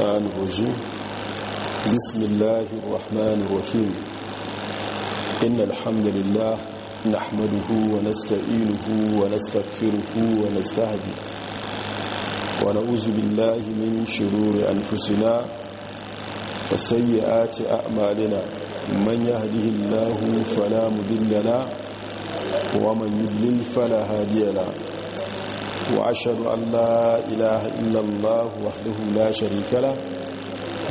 الرحمن الرجيم بسم الله الرحمن الرحيم إن الحمد لله نحمده ونستعينه ونستغفره ونستهدي ونعوذ بالله من شرور أنفسنا وسيئات أعمالنا من يهده الله فلا مضل له ومن يضلل فلا هادي له وأشهد أن لا إله إلا الله وحده لا شريك له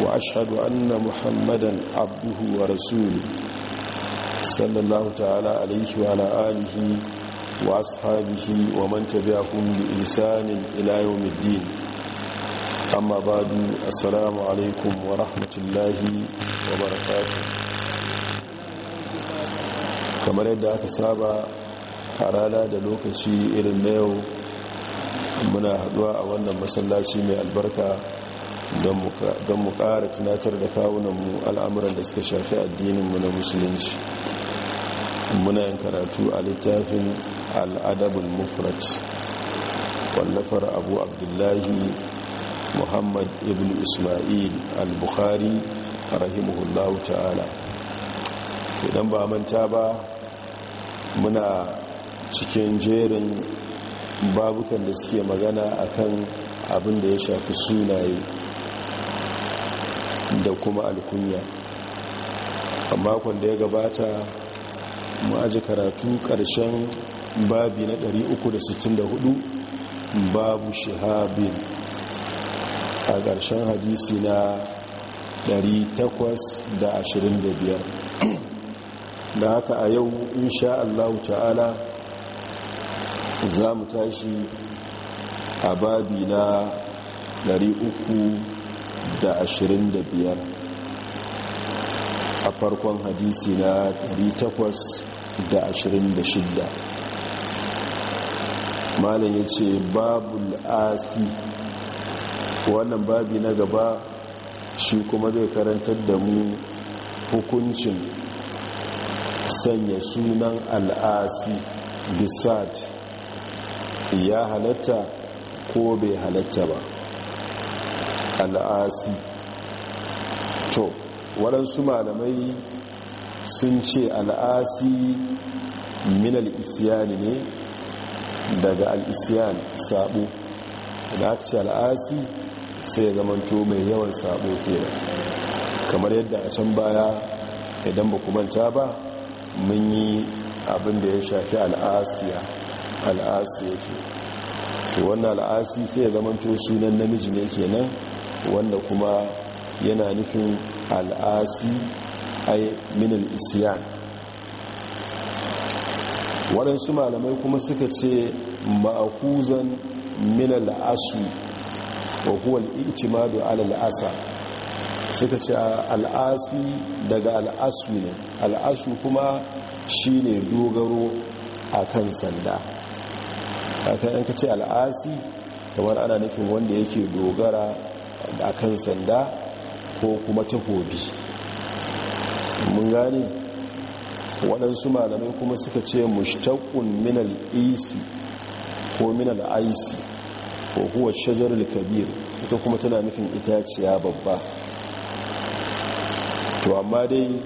وأشهد أن محمدا عبده ورسوله صلى الله تعالى عليه وعلى آله وأصحابه ومن تبعهم بإنسان إلى يوم الدين أما بعد السلام عليكم ورحمة الله وبركاته kamar yadda aka saba a rana da lokaci irin na yau muna haduwa a wannan masallaci mai albarka don mu ƙara tunatar da kawunanmu al'amuran da suka shafi addininmu na musulunci muna yin karatu a littafin al'adabul mufrat wallafar abu abdullahi muhammad ibn ismail al-bukhari rahimuhullahu ta'ala idan ba manta ba muna cikin jerin babukan da suke magana a kan abin da ya shafi sunaye da kuma alkunya a makon da ya gabata mu aji karatu ƙarshen babi na 364 babu shahabin a ƙarshen hadisi na 825 da haka a yau insha Allah ta'ala za mu tashi a babi na 325 a farkon hadisi na 826 malam ya ce babul asi wannan babi na gaba shi kuma zai karantar da mu hukuncin sanya sunan al'asi bisat ya halatta ko bai halatta ba al'asi to waɗansu malamai sun ce al'asi min al'isiyani ne daga al'isiyani sabo da aka ce al'asi sai ya zamanto mai yawan sabo kenan kamar yadda a can baya idan ba manta ba mun yi abin da ya shafi al'asiya al'asi yake to wannan al'asi sai ya zamanto sunan namiji ne nan wanda kuma yana nufin al'asi ai minal isyan waɗansu malamai kuma suka ce ma'akuzan minal asu wa kuwa al'itimadu alal suka ce al'asi daga al'asu ne al'asu kuma shine dogaro a kan sanda haka kace ce al'asi kamar ana nufin wanda yake dogara a kan sanda ko kuma hobi mun gane waɗansu malamai kuma suka ce mushtaƙun minal isi ko minal aisi ko kuwa shajarar kabir ita kuma tana nufin itaciya babba to amma dai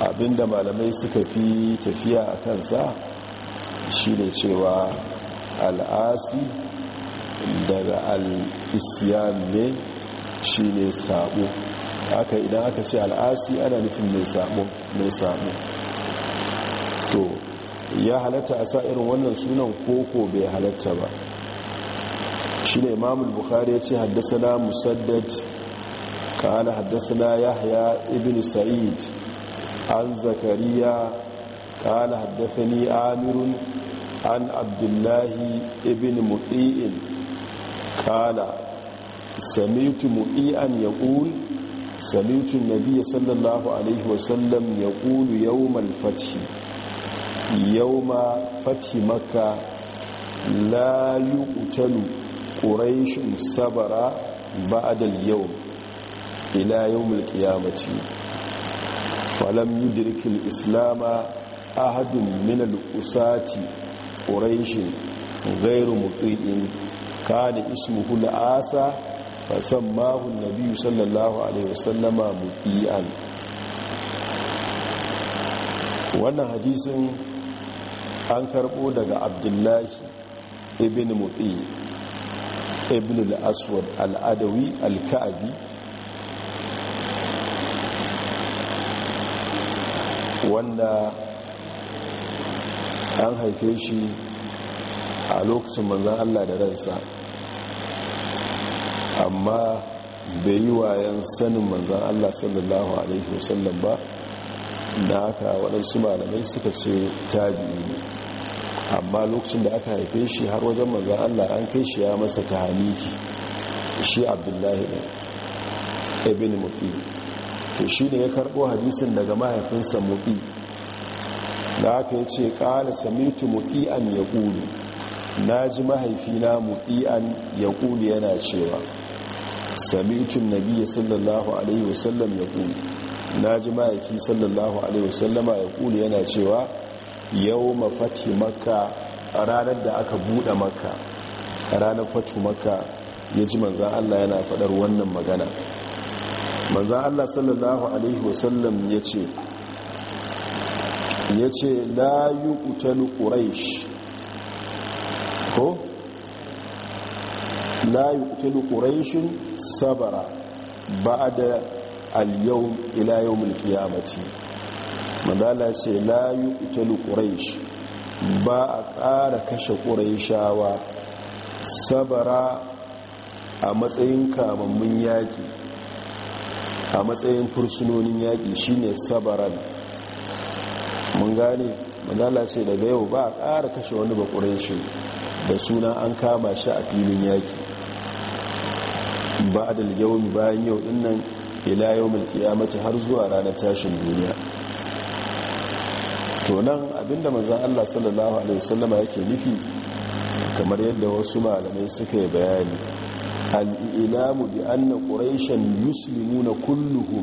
abinda malamai suka fi tafiya a kansa shi da cewa al'asi daga al'isiyan ne shi ne sabo aka idan aka ce al'asi ana nufin mai sabo mai sabo to ya halatta a sa irin wannan sunan koko bai halatta ba shi ne imamul bukhari ya ce haddasa musaddad قال حدثنا يحيى ابن سعيد عن زكريا قال حدثني عامر an abdullahi ibn mu'i'in kala samitu mu'i'an ya samitu nabiya sallallahu alaihi wasallam ya ƙulu yawmal fathi yawma maka la yi ƙutalu ƙuraishin sabara ba'adal yau ila yawmul ƙiyamaci falam yudrikil islama ahadun minal usati ƙorashin gairu mutuɗin kada ismu hula asa san mahun nabi sallallahu alaihi wasallama mutuɗi'an wannan hadisin an karɓo daga abdullahi ibn mutuɗi ibn al'aswad al'adawi al-ka'abi wanda an haife shi a lokacin manzan allah da ransa amma bai yi wayan sanin manzan allah sallallahu alaihi wasallam ba da aka waɗansu malamai suka ce tabi'i ne amma lokacin da aka haife shi har wajen manzan allah an kai shi ya masa ta haliki shi abdullahi ne ibn to shi ne ya karɓo hadisin daga mahaifinsa muti da aka yi ce ƙala samitu mu'i'an ya ƙuli na ji mahaifina mu'i'an ya ƙuli yana cewa samitun nabiya sallallahu alaihi wasallam ya ƙuli na ji mahaifi sallallahu alaihi wasallama ya ƙuli yana cewa yau mafati maka ranar da aka buɗe maka ranar fatu maka ya ji manzan allah yana faɗar wannan magana manzan allah sallallahu alaihi wasallam ya ce ya ce la yi kutalu ƙuraish ko? la yi kutalu ƙuraishin sabara ba da aliyau ilayau mulki mace madala ce la yi kutalu ƙuraish ba a ƙara kashe ƙuraishawa sabara a matsayin kamammun yaƙi a matsayin fursunonin yaƙi shine sabaran mun gane manzala ce daga yau ba a ƙara kashe wani bakurai shi da suna an kama shi a filin yaki ba a dalgawomi bayan yau dinnan ila yau mace har zuwa ranar tashin duniya to nan abinda manzan allah sallallahu alaihi wasallama yake nufi kamar yadda wasu malamai suka yi bayani al'ilamu bi anna musulmi na kulluhu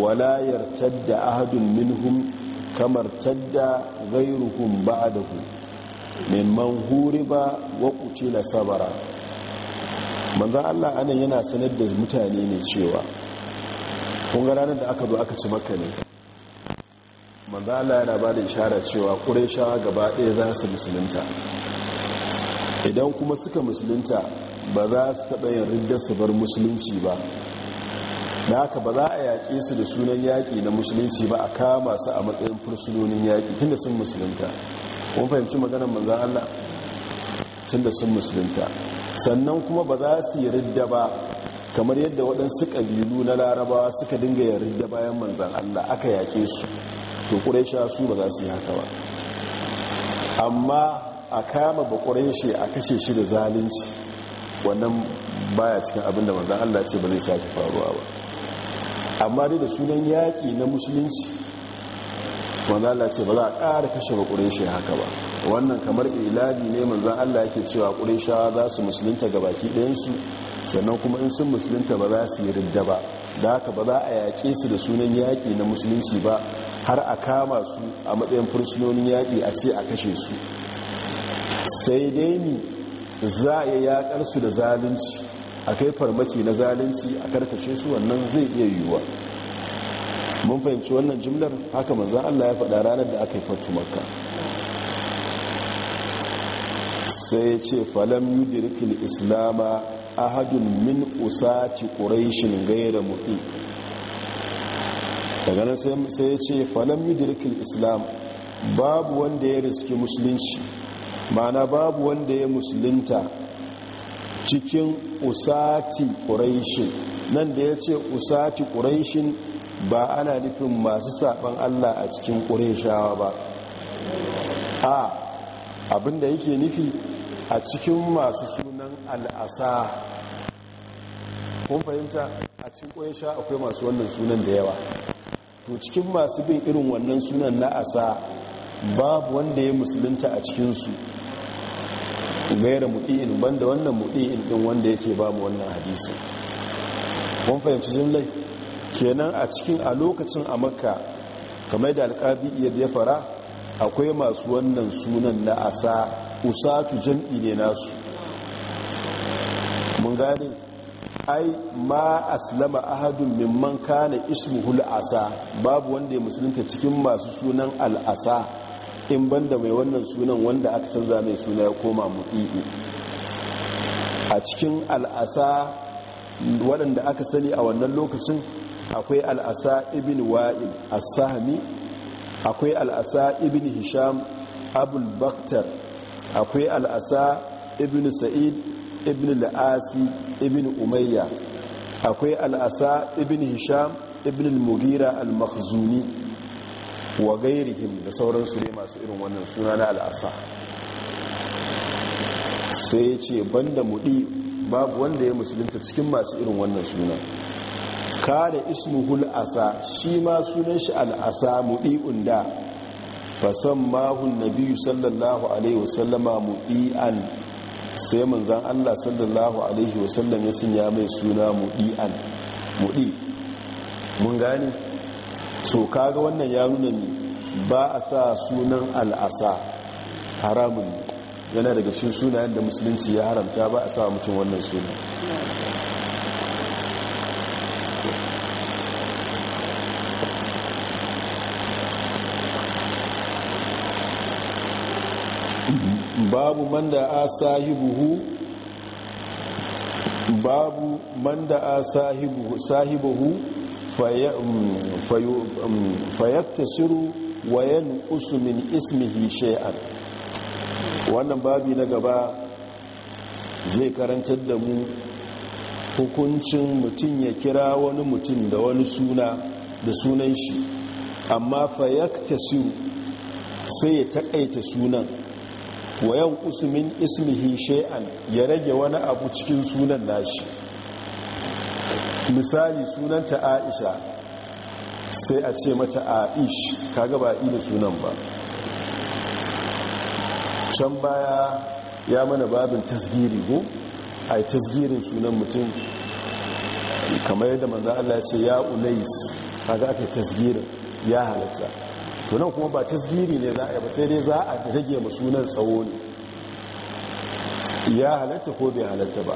wala yartar da ahadun minhum kamar tadda ku neman huri huriba wa na sabara manzan Allah anan yana sanar da mutane ne cewa kun ranar da aka zo aka ci maka ne manzan Allah yana ba da ishara cewa quraishawa gaba ɗaya za su musulunta idan kuma suka musulunta ba za su taɓa yin riddar su bar musulunci ba da haka ba za a yaƙe su da sunan yaƙi na musulunci ba a kama su a matsayin fursunonin yaƙi tun da sun musulunta kuma fahimci maganar manzan Allah da sun musulunta sannan kuma ba za su yi ridda ba kamar yadda waɗansu ƙabilu na larabawa suka dinga yin ridda bayan manzan Allah aka yaƙe su to ƙuraisha su ba za su yi haka ba amma a kama ba ƙuraishe a kashe shi da zalunci wannan baya cikin abin da manzan Allah ce ba zai sake faruwa ba amma dai da sunan yaƙi na musulunci wanda Allah ce ba za a ƙara kashe ba ƙureshi haka ba wannan kamar ilali ne manzan Allah yake cewa ƙureshawa za su musulunta ga baki ɗayansu sannan kuma in sun musulunta ba za su yi ridda ba da haka ba za a yaƙe su da sunan yaƙi na musulunci ba har a kama su a matsayin fursunonin yaƙi a ce a kashe su sai dai ni za a yi yaƙar da zalunci a kai farmaki na zalunci a karkace su wannan zai iya yiwuwa mun fahimci wannan jimlar haka manzan allah ya faɗa ranar da aka yi fatu makka sai ce falam yudirkil islama ahadun min usati quraishin gaira mutu daga nan sai ya ce falam yudirkil islam babu wanda ya riski musulunci mana babu wanda ya musulunta cikin usati ƙuraishin nan da ya ce usati ƙuraishin ba ana nufin masu saɓan allah a cikin ƙuraishawa ba a abinda yake nufi a cikin masu sunan al'asa kun fahimta a cikin ƙuraisha akwai masu wannan sunan da yawa to cikin masu bin irin wannan sunan na asa babu wanda ya musulunta a cikinsu gaira muti'in banda wannan muti'in din wanda yake ba mu wannan hadisi mun fahimci jimlai kenan a cikin a lokacin a makka kamar da alkabi yadda ya fara akwai masu wannan sunan na asa usatu jam'i ne nasu mun gane ai ma aslama ahadun mimman kana ismuhul asa babu wanda ya musulunta cikin masu sunan al'asa in banda mai wannan sunan wanda aka canza mai suna ya koma mu'i'i a cikin al'asa waɗanda aka sani a wannan lokacin akwai al'asa ibn wa'il as-sahmi akwai al'asa ibn hisham abul baktar akwai al'asa ibn sa'id ibn la'asi ibn umayya akwai al'asa ibn hisham ibn al-mughira al makhzuni wa gairihim da sauransu ne masu irin wannan suna na al'asa sai ya ce banda muɗi babu wanda ya musulunta cikin masu irin wannan suna kada ismu hul'asa shi ma sunan shi al'asa muɗi unda fasan mahun nabiyu sallallahu alaihi wasallama an sai manzan allah sallallahu alaihi wasallam ya sanya mai suna an muɗi mun gani so kaga wannan ya nuna ne ba a sa sunan al'asa haramun yana daga shi sunayen da musulunci ya haramta ba a sa mutum wannan suna babu man da a sahibuhu babu man da a sahibuhu fayaktasiru um, um, wa yan usumin ismihi shay'an wannan babi na gaba zai karantar da mu hukuncin mutum ya kira wani mutum da wani suna da sunan shi amma fayaktasiru sai ya takaita sunan Wayan usumin ismihi shay'an ya rage wani abu cikin sunan nashi misali sunanta aisha sai a ce mata aish kaga ba da sunan ba can baya ya mana babin tasgiri ko a yi tasgirin sunan mutum kamar yadda manzan Allah ce ya unais kaga aka yi tasgirin ya halatta tunan kuma ba tasgiri ne za a yi ba sai dai za a rage ma sunan tsawo ne ya halatta ko bai halatta ba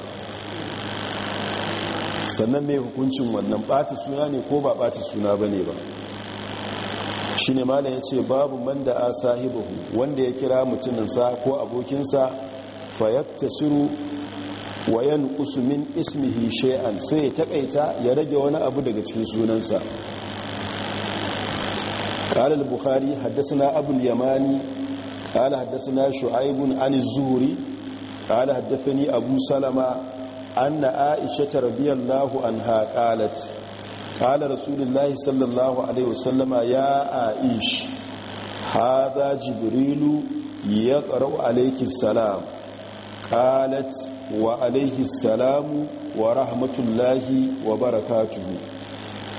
sannan mai hukuncin wannan ɓata suna ne ko ba ɓata suna ba ba shi ne malam ya ce babu man da a sahibahu wanda ya kira mutuninsa ko abokinsa fayakta wa wayan usumin ismihi shay'an sai ya taƙaita ya rage wani abu daga cikin sunansa قال البخاري حدثنا أبو اليماني قال حدثنا شعيب عن الزهري قال حدثني abu salama. anna aisha ta radiyallahu anha qalat qala rasulullahi sallallahu alaihi wasallama ya aish hadha jibrilu yaqra'u alayki salam qalat wa alayhi salamu wa rahmatullahi wa barakatuhu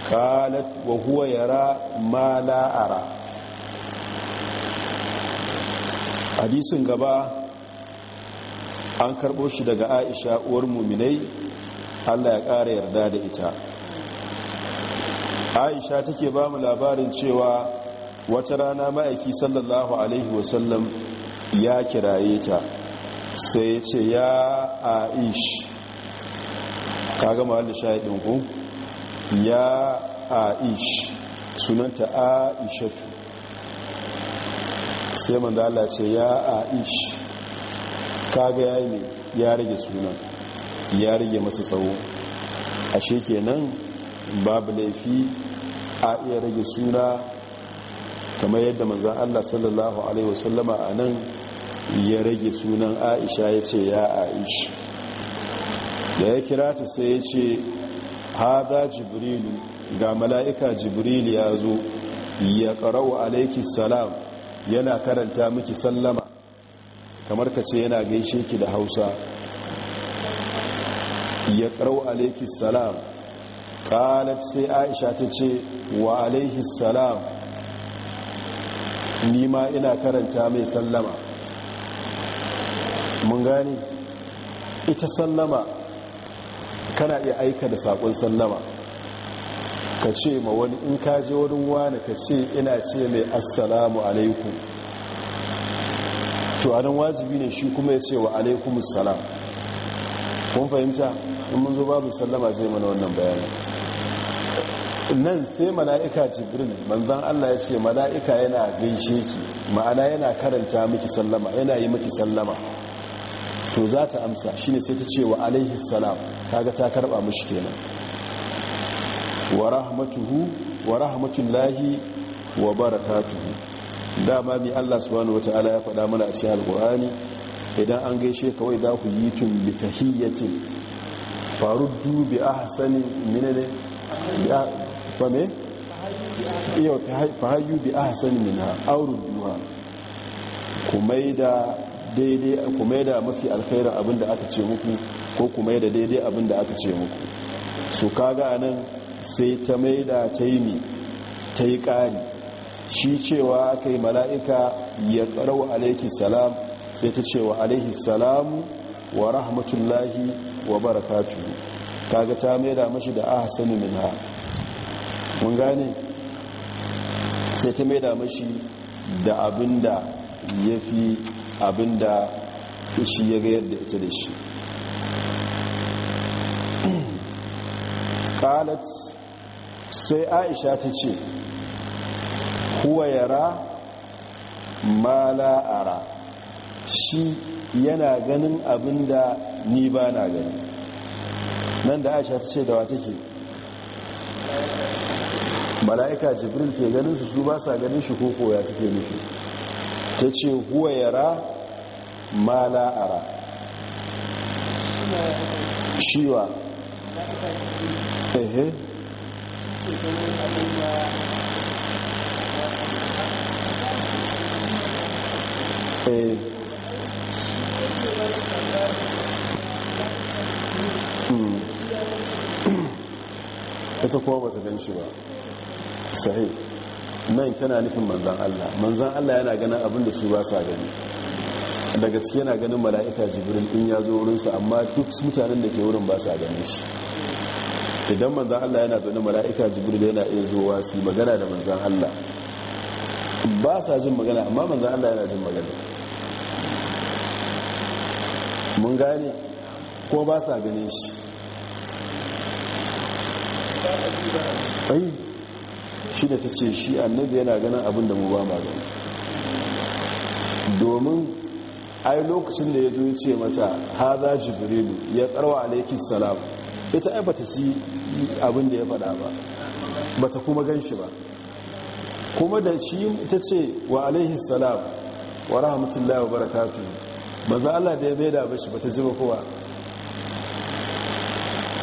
qalat wa huwa yara ma la ara hadisin gaba an karbo shi daga aisha uwar muminai allah ya ƙara yarda da ita aisha take ba mu labarin cewa wata rana ma'aiki sallallahu alaihi wasallam ya kiraye ta sai ya ce ya aish ka gama wanda shahidin ku ya aish sunanta aishatu sai manzala ce ya aish kaga ya yi ya rage sunan ya rage masa tsawo ashe nan babu laifi a iya rage suna kamar yadda manzan Allah sallallahu Alaihi wasallama a nan ya rage sunan aisha ya ce ya aish da ya kira ta sai ya ce haza jibrilu ga mala'ika jibrilu ya zo ya ƙarau alaikis salam yana karanta miki sallama kamar ka ce yana gaishe ki da hausa ya ƙarau alaikis salam ƙalat sai aisha ta ce wa alaikis salam nima ina karanta mai sallama mun gani ita sallama kana iya aika da saƙon sallama ka ce ma wani in kaje wani wani ka ce ina ce mai assalamu alaikum to anan wajibi ne shi kuma ya ce wa alaikum salam kun fahimta in mun zo babu sallama zai mana wannan bayanin nan sai mala'ika jibril manzan Allah ya ce mala'ika yana gaishe ki ma'ana yana karanta miki sallama yana yi miki sallama to za ta amsa shi ne sai ta ce wa alaihi salam kaga ta karba mishi kenan wa rahmatuhu wa rahmatullahi wa barakatuhu dama mai Allah subhanahu wata'ala ya faɗa mana a cikin alkur'ani idan an gaishe kawai za ku yi tun bi hiyyacin faru dubi ahsani minne ya fame? me iya fahayu bi ahsani minha auru duwa kumai da daidai kumai da mafi alkhairin abinda aka ce muku ko kumai da daidai abinda aka ce muku su kaga nan sai ta maida ta yi mi ta yi ƙari shi cewa yi mala'ika ya ƙarau alaihi salam sai ta cewa alaihi salamu wa rahmatullahi wa barakatu kaga ta maida mashi da min ha mun gane sai ta maida mashi da abin da ya fi abin da shi ya ga yadda ita da shi qalat sai aisha ta ce huwa yara ma la shi yana ganin abinda ni ba na gani nan da aisha ta ce da wata take mala'ika jibril ke ganin su su ba sa ganin shi ko koya ke nufi ta ce huwa yara ma la ara shiwa ehe Hmm. ita kuma ta gan shi ba sahi nan tana nufin manzan Allah manzan Allah yana ganin abinda su ba sa gani daga ciki yana ganin mala'ika jibril in ya zo wurinsa amma duk mutanen da ke wurin ba sa gani shi idan manzan Allah yana zaune mala'ika jibril yana iya zuwa su magana da manzan Allah ba sa jin magana amma manzan Allah yana jin magana mun gane ko ba sa ganin shi ai shi da ta ce shi annabi yana ganin abin da mu ba ma gani domin ai lokacin da ya zo ya ce mata haza jibrilu ya karwa alaikin salam ita ai bata shi abin da ya faɗa ba bata kuma gan shi ba kuma da shi ta ce wa alaihi salam wa rahmatullahi wa barakatuhu maza Allah da ya bai da ba ta zuba kowa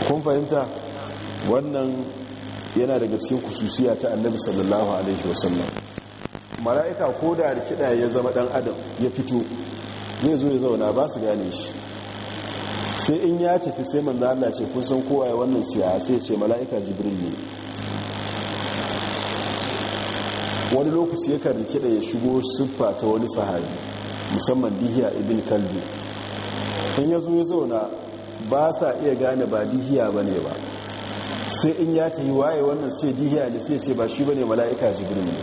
kun fahimta wannan yana daga cikin kususiya ta annabi sallallahu alaihi wasallam mala'ika ko da rikida ya zama dan adam ya fito zai zo ya zauna ba su gane shi sai in ya tafi sai manzo Allah ce kun san kowa wannan siya sai ce mala'ika jibril ne wani lokaci yakan rikida ya shigo siffa ta wani sahabi musamman dihiya ibn kalbi in ya zo ya zauna ba sa iya gane ba dihiya ba ne ba sai in ya ta yi waye wannan sai dihiya ne sai ce ba shi ba ne mala'ika jibirin ne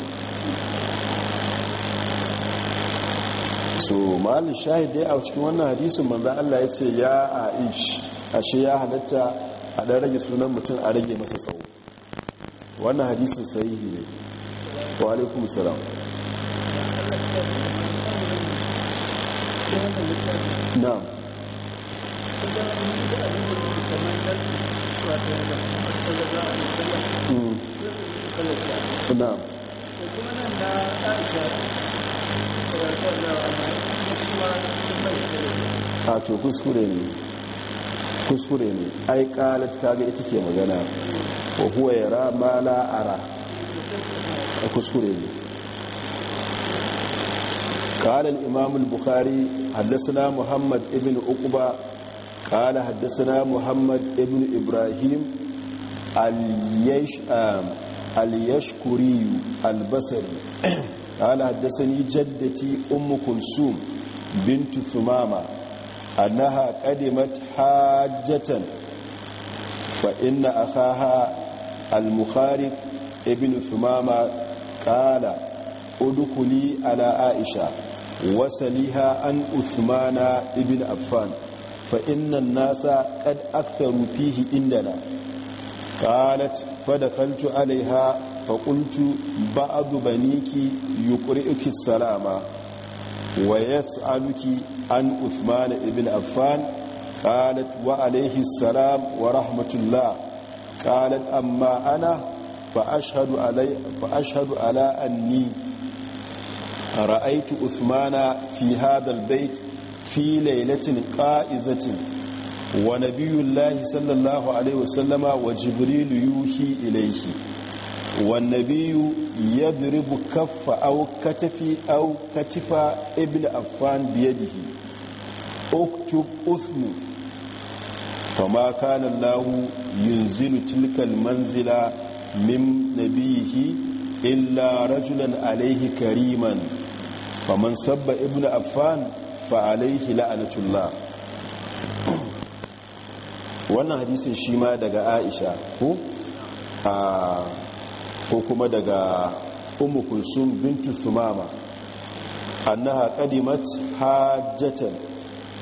so shahida shahid dai a cikin wannan hadisun manzan allah ya ce ya aish ashe ya halatta a ɗan rage sunan mutum a rage masa tsawo wannan hadisun sahihi ne wa alaikum salam na'am mm. na'am a to kuskure ne kuskure ne ai kalat ta ga ita ke magana ko huwa yara ma la ara kuskure ne قال الإمام البخاري حدثنا محمد ابن أقبى قال حدثنا محمد ابن إبراهيم اليش اليشكري البصري قال حدثني جدتي أم كلثوم بنت ثمامة أنها قدمت حاجة فإن أخاها المخارب ابن ثمامة قال ادخلي على عائشة wasaliha an usmana ibn affan fa innan nasa qad aktharu fihi indana qalat fadakaltu alaiha fa qultu ba'du baniki yuqri'uki salama wa yas'aluki an usmana ibn affan قالت وعليه السلام ورحمة الله قالت fa ashhadu فأشهد, علي فأشهد على أني ra'aitu usmana fi hadal bait fi lailatin qa'izatin wa nabiyullahi sallallahu alaihi wasallama wa jibril yuhi ilayhi wan nabiyyu yadribu kaffa aw katafi aw katifa ibn affan bi yadihi uktub usmu Kama kana allah yunzilu tilka manzila min nabiyhi illa rajulan alaihi kariman faman sabba ibn affan fa alaihi la'anatullah wannan hadisin shi ma daga aisha ko ko kuma daga ummu kulsum bintu sumama annaha qadimat hajjatan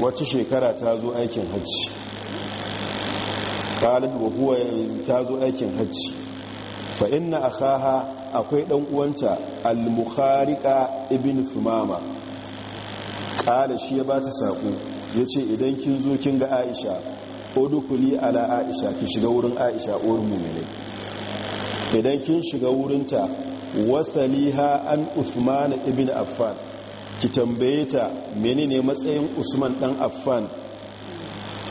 wata shekara ta zo aikin hajji qalat wa huwa ta zo aikin hajji fa inna akhaha akwai dan uwanta al-mukhariqa ibn sumama kala shi ya bata sako yace idan kin zo kin ga aisha udukuli ala aisha ki shiga wurin aisha uwar mu'mini idan kin shiga wurin ta wasaliha an usman ibn affan ki tambaye ta menene matsayin usman dan affan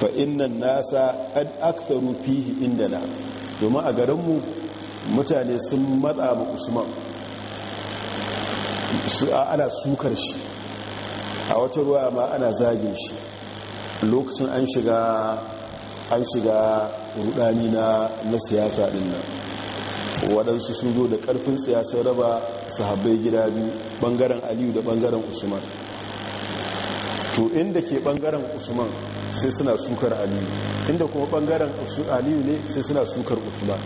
fa innan nasa qad aktharu fihi indana domin a garinmu mutane sun matsa ma usman ana sukar shi a wata ruwa ma ana zagin shi lokacin an shiga an shiga rudani na na siyasa din nan waɗansu sun zo da ƙarfin siyasar raba sahabbai gida biyu ɓangaren aliyu da ɓangaren usman to inda ke ɓangaren usman sai suna sukar aliyu inda kuma ɓangaren aliyu ne sai suna sukar usman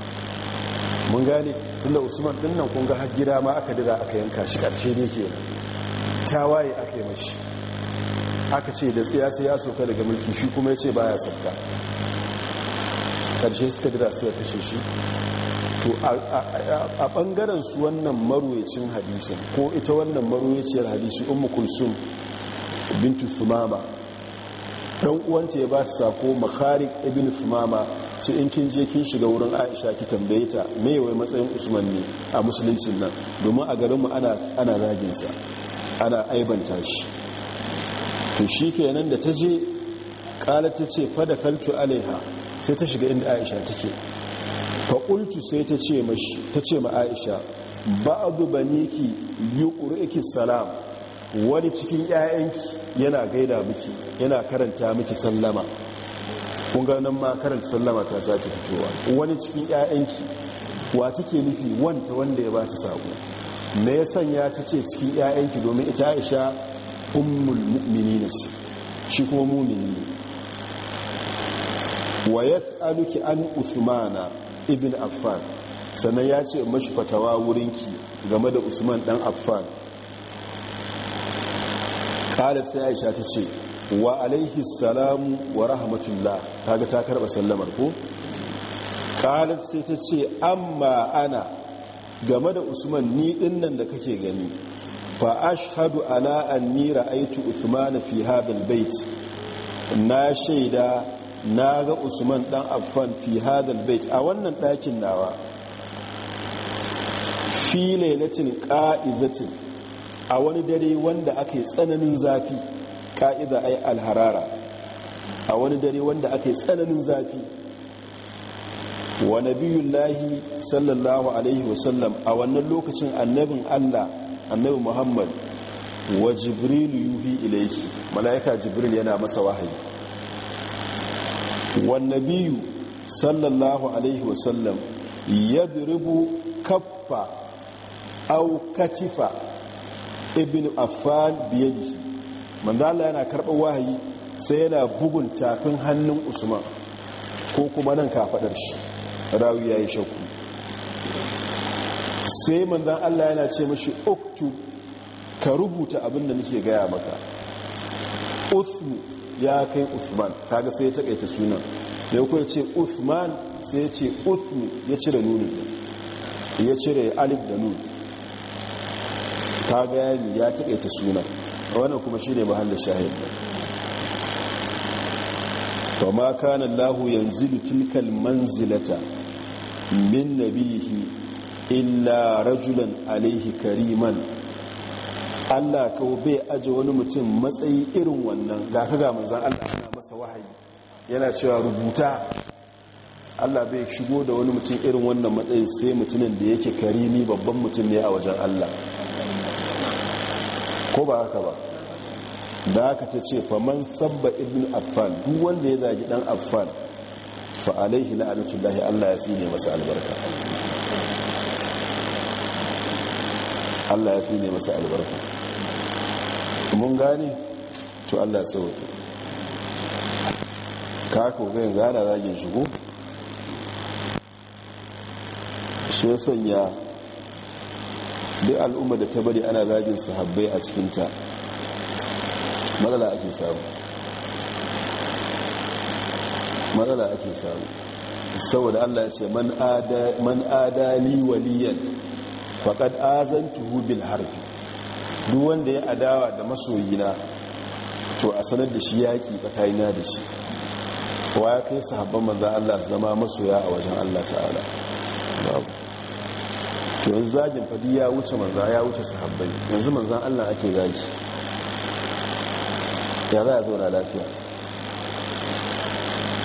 mun gane tunda usman din nan kun ga har gida ma aka dira aka yanka shi karshe ne ke ta waye aka yi mashi aka ce da tsaya sai ya soka daga mulki shi kuma ya ce baya sabka karshe suka dira ya kashe shi to a bangaren su wannan marwayacin hadisin ko ita wannan marwayaciyar hadisi ummu kulsum bintu sumama Ɗan uwanta ya ba ta sako makarik ibn sumama su in kin je kin shiga wurin aisha ki tambaye ta me matsayin usman ne a musuluncin nan domin a garinmu mu ana ana ana aibanta shi to nan da ta je ƙalar ta ce fa kaltu alaiha sai ta shiga inda aisha take ke sai ta ce ma Aisha ba a ma aisha ki baniki yuqri'iki salam wani cikin 'ya'yanki yana gaida miki yana karanta miki sallama kun ganin ma karanta sallama ta sake fitowa wani cikin 'ya'yanki wa take nufi wanta wanda ya bata sako me ya sanya ta ce cikin 'ya'yanki domin ita aisha ummul na ce shi kuma mu'mini ne wa yas'aluki an usmana ibn affan sannan ya ce mashi fatawa wurinki game da usman dan affan Khalid sai aisha ta ce wa alaihi salamu wa rahmatullah ga ta karba sallamar ko Khalid sai ta ce amma ana game da usman ni dinnan da kake gani fa ashhadu ala anni ra'aytu usman fi hadal bait na shaida na ga usman dan affan fi hadal bait a wannan dakin nawa fi lailatin qa'izatin a wani dare wanda ake tsananin zafi ka'ida ai alharara a wani dare wanda ake tsananin zafi wa nabiyullahi sallallahu alaihi wasallam a wannan lokacin annabin Allah annabi Muhammad wa jibril yuhi ilayhi malaika jibril yana masa wahayi Wa Nabiyu sallallahu alaihi wasallam yadribu kaffa au katifa ibn affan biyadi manzo Allah yana karɓar wahayi sai yana bugun tafin hannun usman ko kuma nan kafaɗar shi rawi yi shakku sai manzo Allah yana ce mashi uktu ka rubuta abin da nake gaya maka Usman ya kai usman kaga sai ya takaita sunan da ya ce usman sai ya ce Usman ya cire nuni ya cire alif da nuni ta gani ya taƙaita suna wannan kuma shi ne mahallin shahid ta ma kana lahu yanzu tilkal manzilata min nabihi illa rajulan alaihi kariman Allah kawo bai aji wani mutum matsayi irin wannan ga kaga manzan Allah ana masa wahayi yana cewa rubuta Allah bai shigo da wani mutum irin wannan matsayi sai mutumin da yake karimi babban mutum ne a wajen Allah ko ba haka ba da haka ta ce man sabba ibn affan duk wanda ya zagi dan affan fa alaihi la'anatullahi Allah ya sine masa albarka Allah ya sine masa albarka mun gane to Allah ya sauke ka ko ga yanzu ana zagin shigo shi sanya duk al'umma da ta bari ana zagin sahabbai a cikinta matsala ake samu matsala ake samu saboda allah ya ce man adali waliyan faƙad azan tuhubin harfi duk wanda ya adawa da masoyina to a sanar da shi yaƙi tsakanina da shi wa ya kai sahabban manzan allah zama masoya a wajen allah ta'ala to yanzu zagin fadi ya wuce manza ya wuce sahabbai yanzu manzan allah ake zagi ya za a zauna lafiya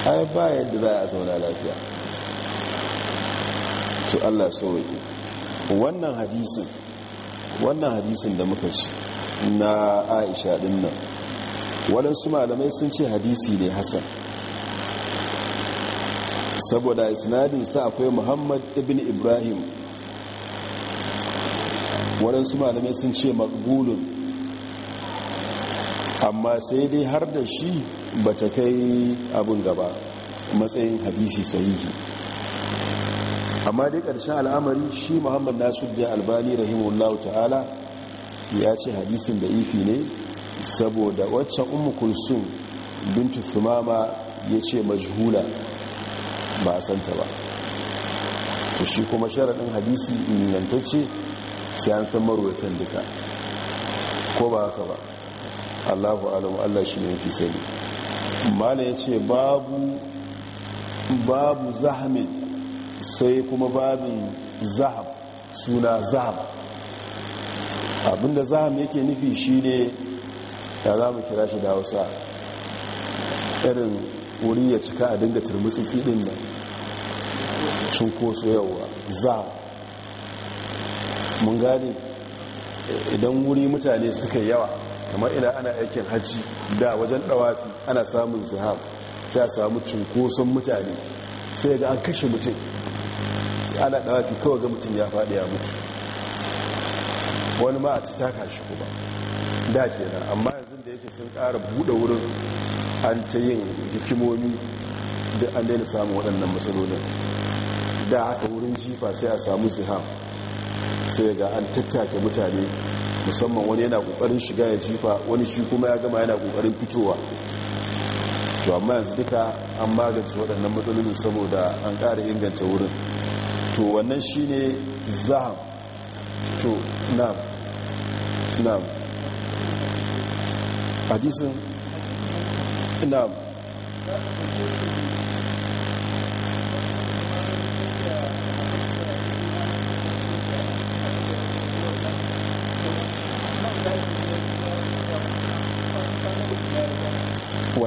ai ba yadda za a zauna lafiya to allah sauki wannan hadisin wannan hadisin da muka ci na aisha din nan waɗansu malamai sun ce hadisi ne hasan saboda sa akwai muhammad ibn ibrahim waɗansu malamai sun ce makbulun amma sai dai har da shi ba ta kai abin gaba matsayin hadisi sahihi amma dai ƙarshen al'amari shi muhammad nasu da albani rahimahullahu ta'ala ya ce hadisin da ifi ne saboda wacce umu kulsun bintu sumama ya ce majhula ba a santa ba to shi kuma sharaɗin hadisi ingantacce sai an san marwatan duka ko ba haka ba allahu alamu allah shi ne fi sani mana ya ce babu babu zahamin sai kuma babin zahab suna zahab abinda zahab yake nufi shi ne ya za mu kira shi da hausa irin wuri ya cika a dinga turmutsi din nan cunkoso yawa zahab mun gane idan wuri mutane suka yawa kamar ina ana aikin hajji da wajen dawafi ana samun zahab sai a samu cunkoson mutane sai ga an kashe mutum sai ana dawafi kawai ga mutum ya faɗi ya mutu wani ma a ci taka shi kuma da nan amma yanzu da yake sun ƙara buɗe wurin an ta yin hikimomi da an daina samun waɗannan matsalolin da aka wurin jifa sai a samu ziham sai ga an tattake mutane musamman wani yana kokarin shiga ya jifa wani shi kuma ya gama yana kokarin fitowa to amma yanzu duka an magance waɗannan matsalolin saboda an ƙara inganta wurin to wannan shine zaham to na'am na'am hadisin na'am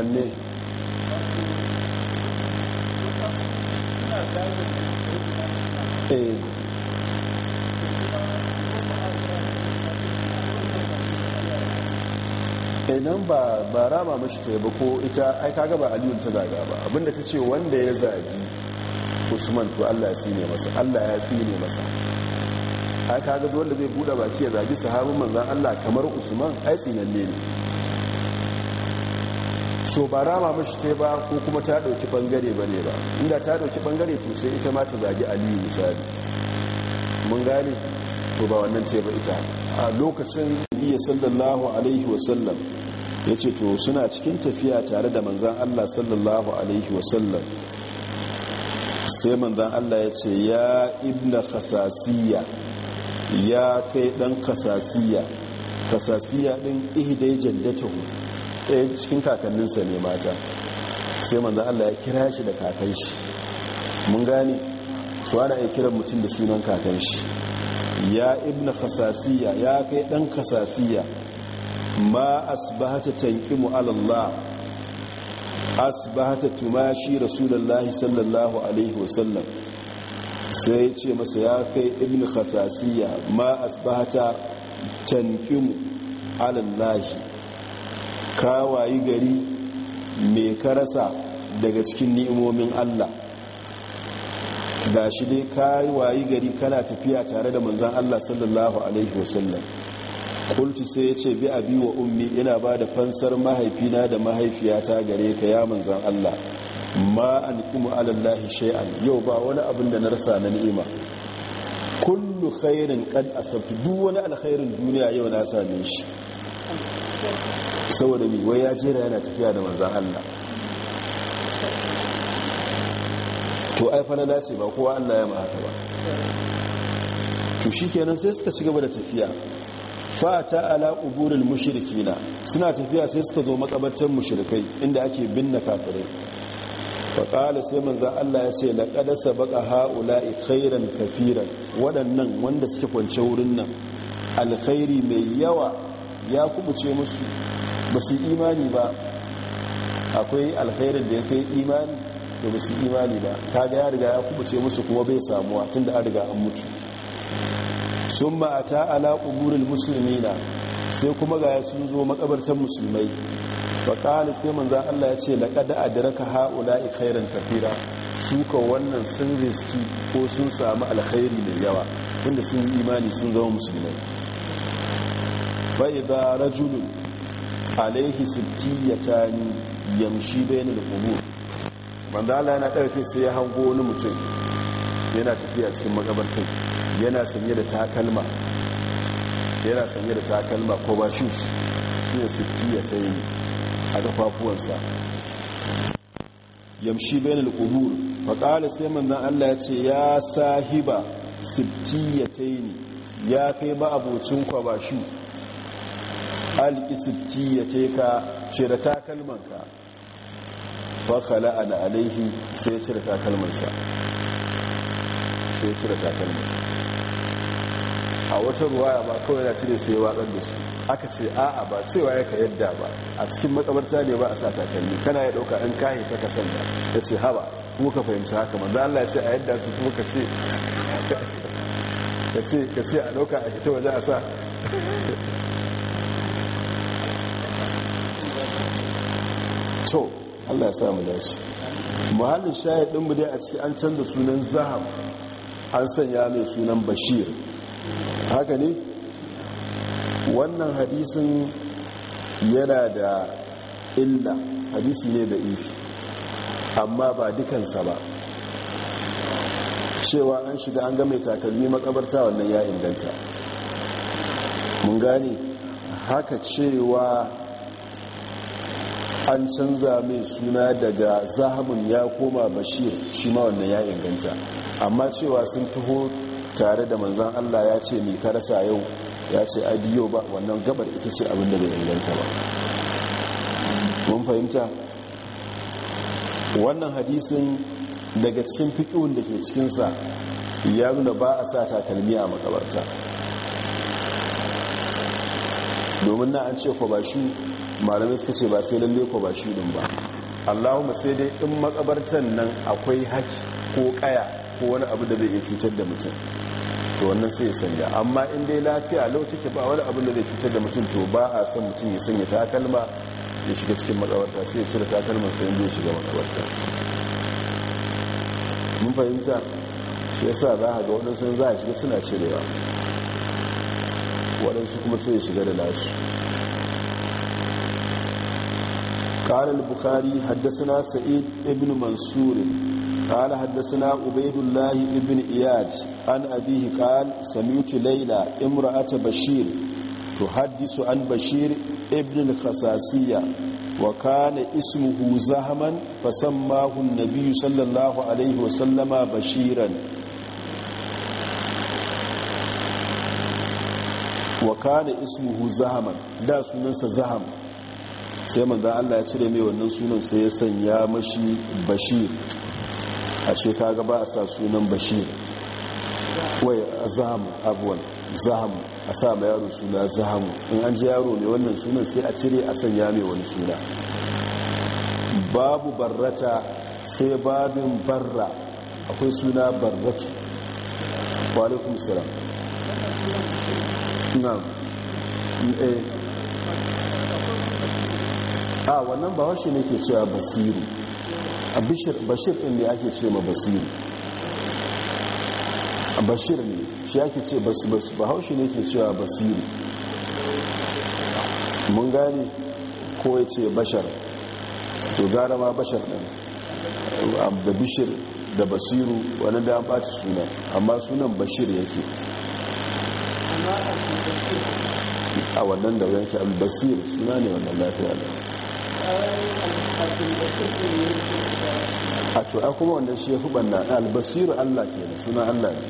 wanne idan eh. eh, ba ba rama mashi ta yaba ko ita ai kaga ba aliyun ta zaga ba abinda ta ce wanda ya zagi usman to allah ya tsine masa allah ya sine masa ai kaga dole zai bude baki ya zagi sahabin manzan allah kamar usman ai tsinanne ne so ba rama mashi ce ba ko kuma ta ɗauki bangare ba ne ba inda ta ɗauki bangare to sai ita ma ta zagi aliyu misali mun gane to ba wannan ce ba ita a lokacin iya sallallahu alaihi wasallam ya ce to suna cikin tafiya tare da manzan allah sallallahu alaihi wasallam sai manzan allah ya ce ya ibna kasasiya ya kai dan kasasiya kasasiya din ihdai jaddatahu ɗaya cikin kakanninsa ne mata sai manzan Allah ya kira shi da kakan shi mun gane su ana iya kiran mutum da sunan kakan shi ya ibna khasasiya ya kai ɗan kasasiya ma asbahata tankimu ala Allah asbahata tumashi rasulullahi sallallahu alaihi wasallam sai ya ce masa ya kai ibna kasasiya ma asbahata tankimu ala Allah ka gari mai karasa daga cikin ni'imomin Allah ga shi dai ka wayi gari kana tafiya tare da manzan Allah sallallahu alaihi wasallam kultu sai ya ce bi abi wa ummi yana ba da fansar mahaifina da mahaifiyata gare ka ya manzan Allah ma an kimu alallahi shay'an yau ba wani abin da na rasa na ni'ima kullu khairin kan asabtu duk wani alkhairin duniya yau na same shi saboda mai wai ya jera yana tafiya da manzan Allah to ai fana dace ba kowa Allah ya ma ba to shi kenan sai suka ci gaba da tafiya fata ala quburil na suna tafiya sai suka zo makabartan mushrikai inda ake binne kafirai faƙala sai manzan Allah ya ce baƙa sabaqa haula'i khairan kafiran waɗannan wanda suke kwance wurin nan alkhairi mai yawa ya kubuce musu ba su imani ba akwai alkhairar da ya kai imani da ba su imani ba ta kaga ya riga ya kubuce musu kuma bai samuwa tun da an riga an mutu sun ta ala gurin musulmi na sai kuma ga sun zo makabartan musulmai ƙali sai manzan allah ya ce ƙada a daraka ha'ula ikairan kafira suka wannan sun riski ko sun samu alkhairi mai yawa tunda sun yi imani sun zama musulmai fa'iza rajulun alaihi sittiyata ni yamshi bayan al-qubur ala yana ɗauke sai ya hango wani mutum yana tafiya cikin makabartin yana sanye da takalma yana sanye da takalma ko ba shoes shi ne ta yi a kafafuwansa yamshi bayan al-qubur faƙala sai manzan Allah ya ce ya sahiba ta ni ya kai abocin kwabashu alƙisifti ya ce ka cire takalmanka fakala ana alaihi sai ya cire takalmansa sai ya cire takalmansa a wata ruwaya ba kawai na cire sai watsar da su aka ce a'a ba cewa ya ka yadda ba a cikin makamarta ne ba a sa takalmi kana ya dauka an kahi ta ka da ya ce haba kuma ka fahimci haka manzo Allah ya ce a yadda su kuma ka ce a dauka a fita waje a sa to allah ya samu dace muhallin shahid ɗinmu dai a ciki an canza sunan zaham an sanya mai sunan bashir haka ne wannan hadisin yana da illa hadisi ne da ifi amma ba dukansa ba cewa an shiga an game takalmi makabarta wannan ya inganta mun gane haka cewa an canza mai suna daga zahamun ya koma bashir shi ma wannan ya inganta amma cewa sun taho tare da manzan allah ya ce mai karasa yau ya ce adiyo ba wannan gabar ita ce abinda bai inganta ba mun fahimta wannan hadisin daga cikin fikiyon da ke cikinsa ya nuna ba a sa takalmi a makabarta domin na an ce shi malamai suka ce ba sai lalle ko ba shi ba allahumma sai dai in makabartan nan akwai haki ko kaya ko wani abu da zai iya cutar da mutum to wannan sai ya sanya amma in dai lafiya lau take ba wani abu da zai cutar da mutum to ba a son mutum ya sanya takalma ya shiga cikin makabarta sai ya cire takalman sai ya shiga makabarta mun fahimta shi yasa za a ga waɗansu za a shiga suna cirewa waɗansu kuma sai ya shiga da nasu قال البخاري حدثنا سعيد ابن منصور قال حدثنا عبيد الله ابن إياد عن أبيه قال سمعت ليلى امرأة بشير تحدث عن بشير ابن الخساسية وكان اسمه زهما فسماه النبي صلى الله عليه وسلم بشيرا وكان اسمه زهما دا سننسى زهما sai manzan Allah ya cire mai wannan sunan sai ya sanya mashi bashir a shekara ba a sa sunan bashir wai zahamu abuwan zahamu a sa ma yaro suna zahamu in an ji yaro mai wannan sunan sai a cire a sanya mai wani suna babu barrata sai babin barra akwai suna barratu kwalikun salam a wannan ba washe ne ke cewa basiru a bashir ɗin ne ake ce ma basiru a bashir ne shi ake ce basu ba haushe ne ke cewa basiru mun gane ko ya ce bashar to gara ma bashar ɗin da bishir da basiru wani da an ɓaci suna amma sunan bashir yake a wannan da wani albasir suna ne wannan lafiya da a to a kuma wanda shi ya fi banna albasiru allah ke da suna allah ne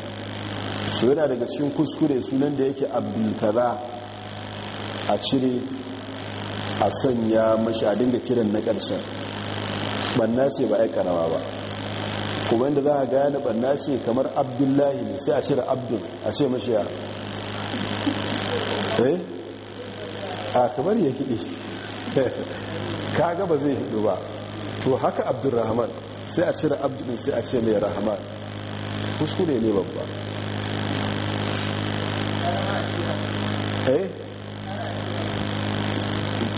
so yana daga cikin kuskure sunan da yake kaza a cire a sanya mashadin da kiran na ƙarshen banna ce ba ya karawa ba kuma inda za a gane banna ce kamar abdullahi ne sai a cire abdul a ce mashi ya eh a kamar ya kiɗi kaga ba zai hidu ba to haka abdurrahman sai a cire abdulin sai a ce mai rahman kuskure ne babba eh?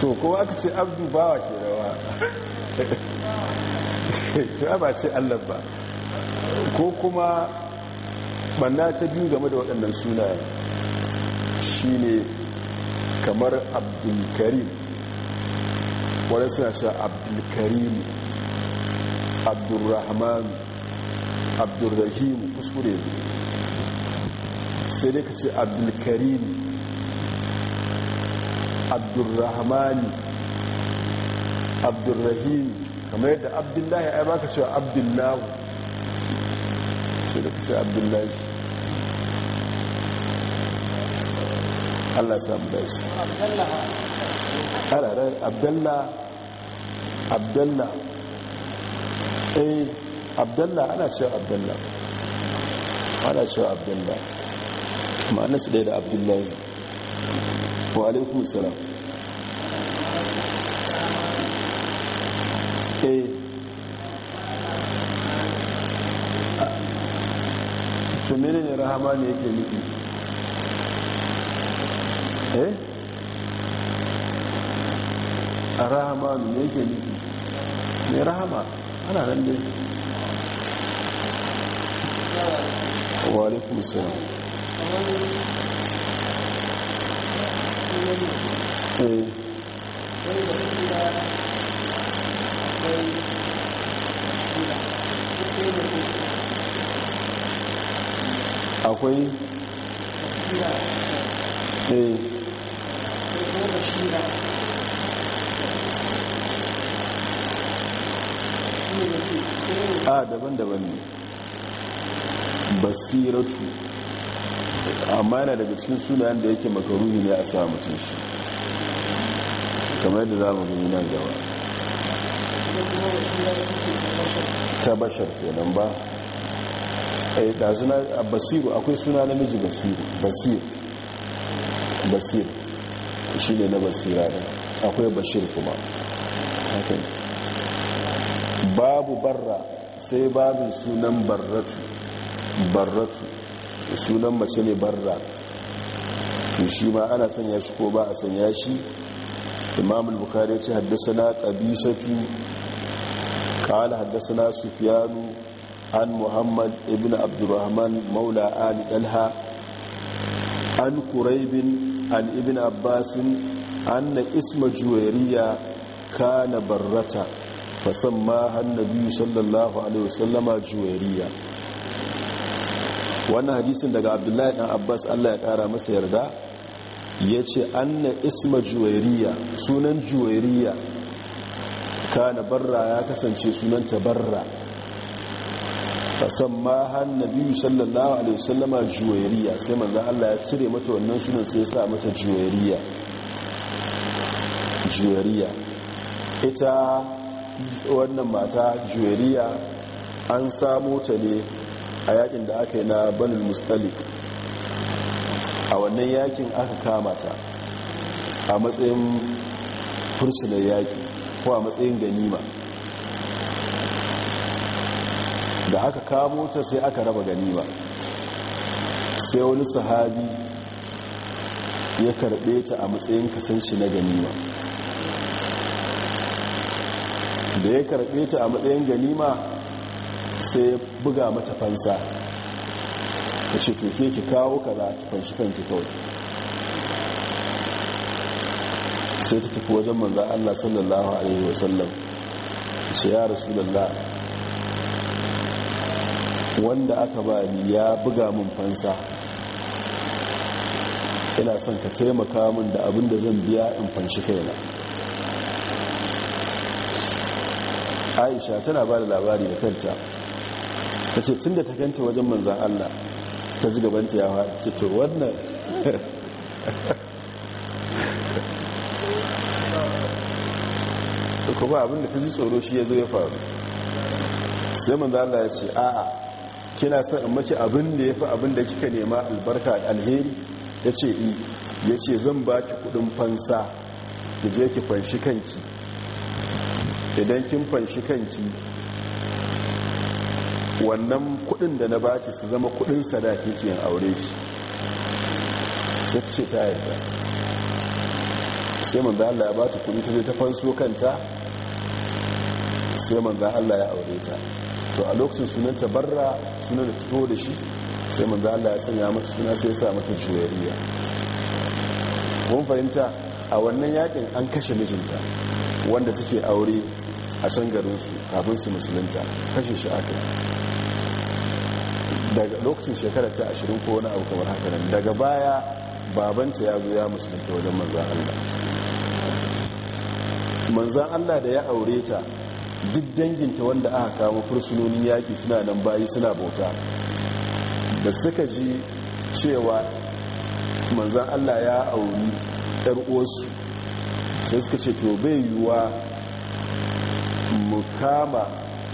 to kowa aka ce abdu bawa ke rawa to ba ce allah ba ko kuma banna ta biyu game da waɗannan sunayen shine kamar abdulkarim wadai suna sha abdulkarim abdulrahman abdulrahim kuskure sai dai ka ce abdulkarim abdulrahmani abdulrahim kamar yadda abdullahi ai baka cewa abdullahu sai da ka ce abdullahi Allah samu dashi ana nan abdalla abdalla eh abdalla ana cewa abdalla ana cewa abdalla ma'anas ɗaya da abdullahi wa alaikun salam eh to menene rahama ne yake nufi eh arrahmanu me yake nufi mai rahama ana nan dai wa salam eh. akwai eh daban-daban ne basiratu amma yana daga cikin sunayen da yake makaruhi ne a sa mutum shi kamar yadda za mu gani nan gaba ta bashar kenan ba ai eh, dazuna a basiru akwai suna namiji basiru basir basir shi ne na basira da akwai bashir kuma babu barra sai babu sunan barratu barratu sunan mace ne barra to shi ma ana sanya shi ko ba a sanya shi imam al-bukhari ya ce haddasa qabishatu qala haddasa sufyanu an muhammad ibn abdurrahman maula ali dalha an quraibin an ibn abbasin anna isma juwayriya kana barrata ma hannabi sallallahu alaihi wasallama juwariya wannan hadisin daga abdullahi dan abbas allah ya kara masa yarda ya ce anna isma juwariya sunan juwariya kana barra ya kasance sunan tabarra barra ma hannabi sallallahu alaihi wasallama juwariya sai manzo allah ya cire mata wannan sunan sai ya sa mata juwariya juwariya ita wannan mata juweriya an samu ta ne a yakin da aka yi na banin mustalik a wannan yakin aka kama ta a matsayin fursunar yaki ko a matsayin ganima da aka kamo ta sai aka raba ganima sai wani sahabi ya karbe ta a matsayin kasance na ganima da ya karɓe ta a matsayin ganima sai ya buga mata fansa ta ce toke ki kawo kaza ki fanshi kanki kawai sai ta tafi wajen manzan Allah sallallahu Alaihi wasallam ce ya rasulallah wanda aka ba ni ya buga min fansa ina son ka taimaka min da abin da zan biya in fanshi na. aisha tana ba da labari da kanta ta ce tun da ta ganta wajen manzan allah ta ji gabanta ya haɗa ce to wannan kuma abinda ta ji tsoro shi ya zo ya faru sai manzan allah ya ce a'a kina son in maki abin da ya fi abin da kika nema albarka alheri ya ce i eh. ya ce zan ba ki kudin fansa da je ki fanshi kanki idan kin fanshi kanki wannan kudin da na baki su zama kudin sadaki ke aure shi sai ce ta yarda sai manzo Allah ya ba ta kudi ta je ta fanso kanta sai manzo Allah ya aure ta to a lokacin sunan ta barra, sunan da fito da shi sai manzo Allah ya sanya mata suna sai ya sa mata juyariya kun fahimta a wannan yakin an kashe mijinta wanda take aure a can garinsu kafin su musulunta kashe shi aka daga lokacin shekarar ta ashirin ko wani abu kamar haka nan daga baya babanta ya zo ya musulunta wajen manzan allah manzan allah da ya aure ta duk danginta wanda aka kama fursunonin yaƙi suna nan bayi suna bauta da suka ji cewa manzan allah ya auri 'yar uwarsu sai suka ce to bai yiwuwa mu kama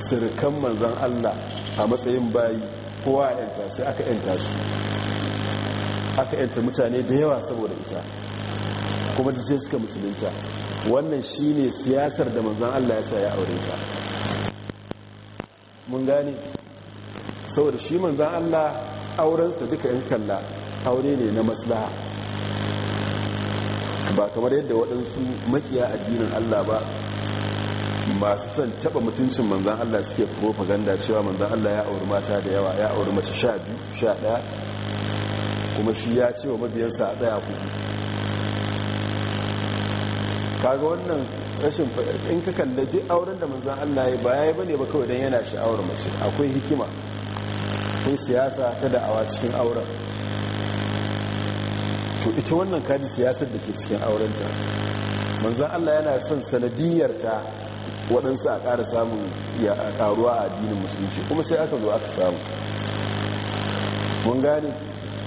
sirkan manzan Allah a matsayin bayi kowa yanta sai aka yanta su aka yanta mutane da yawa saboda ita kuma da sai suka musulunta wannan shi ne siyasar da manzan Allah ya sa ya aure ta mun gane saboda shi manzan Allah aurensa duka yan kalla aure ne na maslaha ba kamar yadda waɗansu makiya addinin Allah ba masu son taɓa mutuncin manzan Allah suke propaganda cewa manzan Allah ya auri mata da yawa ya auri mace sha biyu sha ɗaya kuma shi ya ce wa mabiyansa a tsaya kuɗi kaga wannan rashin in ka kalla duk auren da manzan Allah ya baya ba ne ba kawai don yana sha'awar mace akwai hikima akwai siyasa ta da'awa cikin auren to ita wannan kaji siyasar da ke cikin aurenta manzan allah yana son sanadiyarta waɗansu a ƙara samun ya ƙaruwa a addinin musulunci kuma sai aka zo aka samu mun gane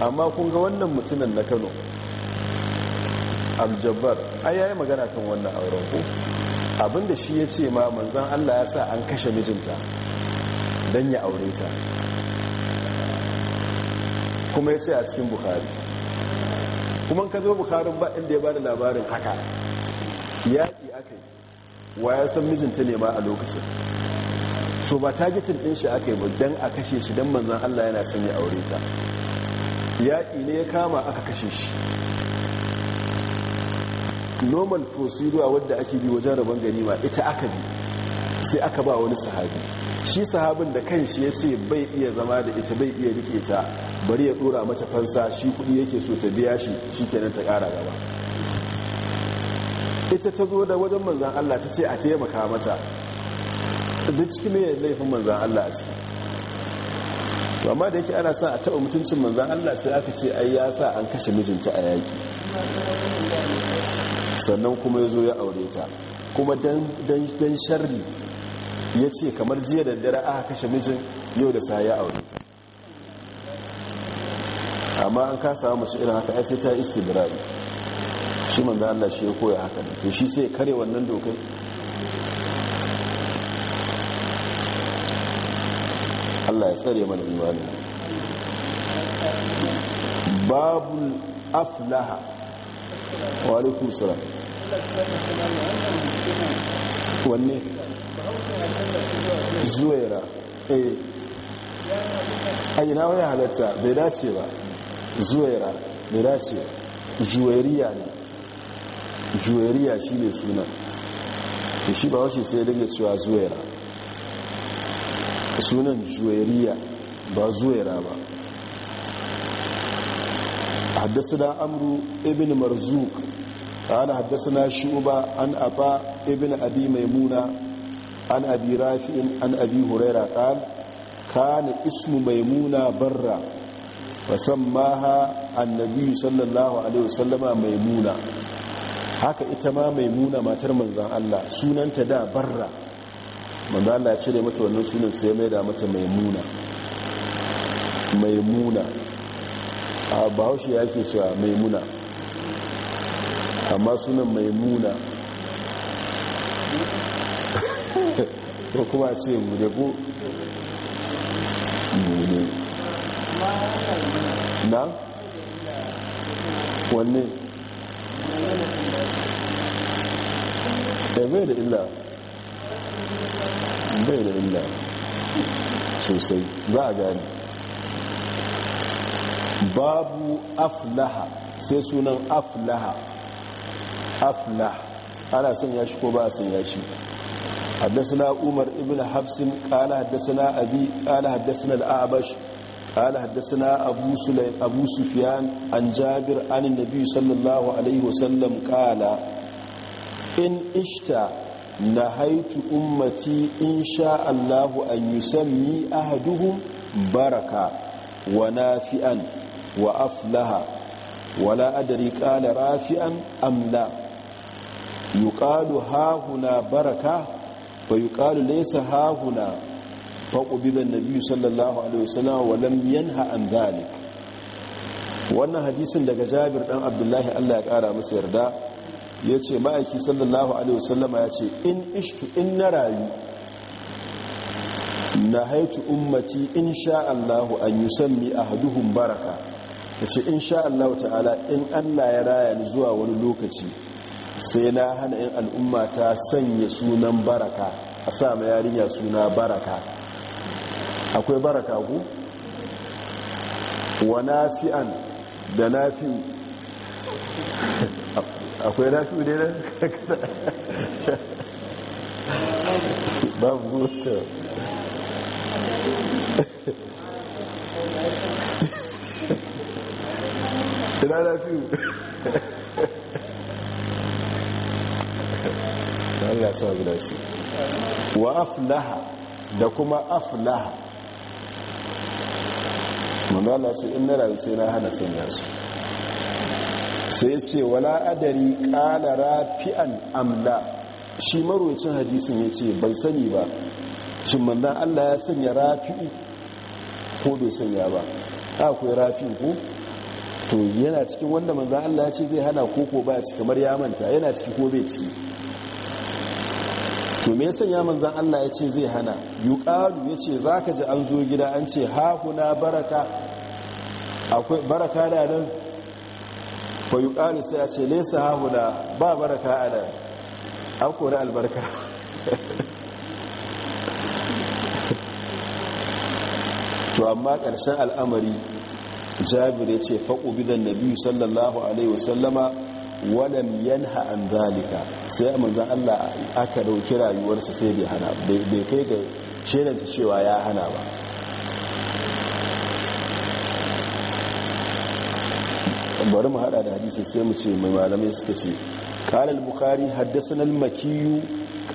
amma kun ga wannan mutumin na kano aljabbar ai yayi magana kan wannan auren ko abinda shi ya ce ma manzan allah ya sa an kashe mijinta don ya aure ta kuma ya ce a cikin buhari. kuma ka zo bukharin ba inda ya bada labarin haka yaƙi aka yi wa ya san mijinta ne ma a lokacin so ba targetin ɗin shi aka yi ba don a kashe shi don manzan allah yana son ya aure ta yaƙi ne ya kama aka kashe shi normal procedure wadda ake bi wajen rabon ma ita aka bi sai aka ba wani sahabi shi sahabin da kan shi ya ce bai iya zama da ita bai iya rike ta bari ya dora mata fansa shi kudi yake so ta biya shi shi kenan ta kara gaba ita ta zo da wajen manzan Allah ta ce a taimaka mata duk cikin mai laifin manzan Allah a ciki amma da yake ana sa a taɓa mutuncin manzan Allah sai aka ce ai ya sa an kashe mijinta a yaki. sannan kuma ya zo ya aure ta kuma dan sharri ya ce kamar jiya da dare aka kashe mijin yau da sa ya aure ta amma an kasa mace irin haka sai ta istibirai shi da Allah shi ya koya haka to shi sai kare wannan dokai Allah ya tsare mana imani babul aflaha wa alaikum salam wanne zuwaira eh. a ayyana wani halatta bai dace ba zuwaira bai dace juwariya ne juwariya shi ne suna da shi ba washe sai dinga cewa zuwaira sunan juwariya ba zuwaira ba haddasa da amru ibn marzuk قال حدثنا شعبة عن أبا ابن أبي ميمونة عن أبي رافع عن أبي هريرة قال كان اسم ميمونة برا فسماها النبي صلى الله عليه وسلم ميمونة haka ita ma maimuna matar manzan Allah sunanta da barra manzan Allah ya cire mata wannan sunan sai mai da mata maimuna maimuna a bahaushe ya ke cewa maimuna amma sunan maimuna ko kuma ce mune ko mune na wanne eh, bai da illa bai da illa sosai za a gani babu aflaha sai sunan aflaha afla ana son ya ko ba a son ya umar ibn hafsin kala haddasa na abi kala haddasa na al'abash kala haddasa na abu sufiyan an jabir an nabi sallallahu alaihi wasallam kala in ishta na haitu ummati in sha allahu an yi sami ahaduhu baraka wa nafi'an wa aflaha wala adari kala rafi'an amla yuqalu hahuna baraka ba yuqalu laysa hahuna faqubida nabi sallallahu alaihi wasallam wa lam yanha an dhalik wannan hadisin daga Jabir dan Abdullahi Allah ya kara masa yarda yace ma'aiki sallallahu alaihi wasallam ce, in ishtu in na rayu na haitu ummati in sha Allahu an yusammi ahaduhum baraka yace in sha Allah ta'ala in Allah ya raya ni zuwa wani lokaci sai na hana yin al'umma ta sanya sunan baraka a sa ma yarinya suna baraka akwai baraka ku wa nafi'an da nafi'u akwai fi ne na babu mutu ina nafi'u Allah sama mu wa aflaha da kuma aflaha manzo Allah ce in na rayu sai na hana sanya su sai ce wala adari qala rafi'an amla shi marwacin hadisin ya ce ban sani ba shi manzan Allah ya sanya rafi'u ko bai sanya ba akwai rafi'u ko to yana cikin wanda manzan Allah ya ce zai hana koko ba ci kamar ya manta yana ciki ko bai ciki to me yasan ya manzan Allah ya ce zai hana ya ce za ka ji an zo gida an ce ha na baraka akwai baraka da nan fa yuƙalu sai a ce lesa ha na ba baraka a nan an kori albarka to amma ƙarshen al'amari jabir ya ce faƙo bidan nabi sallallahu alaihi wasallama walam yanha an zalika sai manzon Allah aka dauki rayuwarsa sai bai hana bai kai ga shedanta cewa ya hana ba bari mu hada da hadisi sai mu ce mai malamai suka ce قال البخاري حدثنا المكي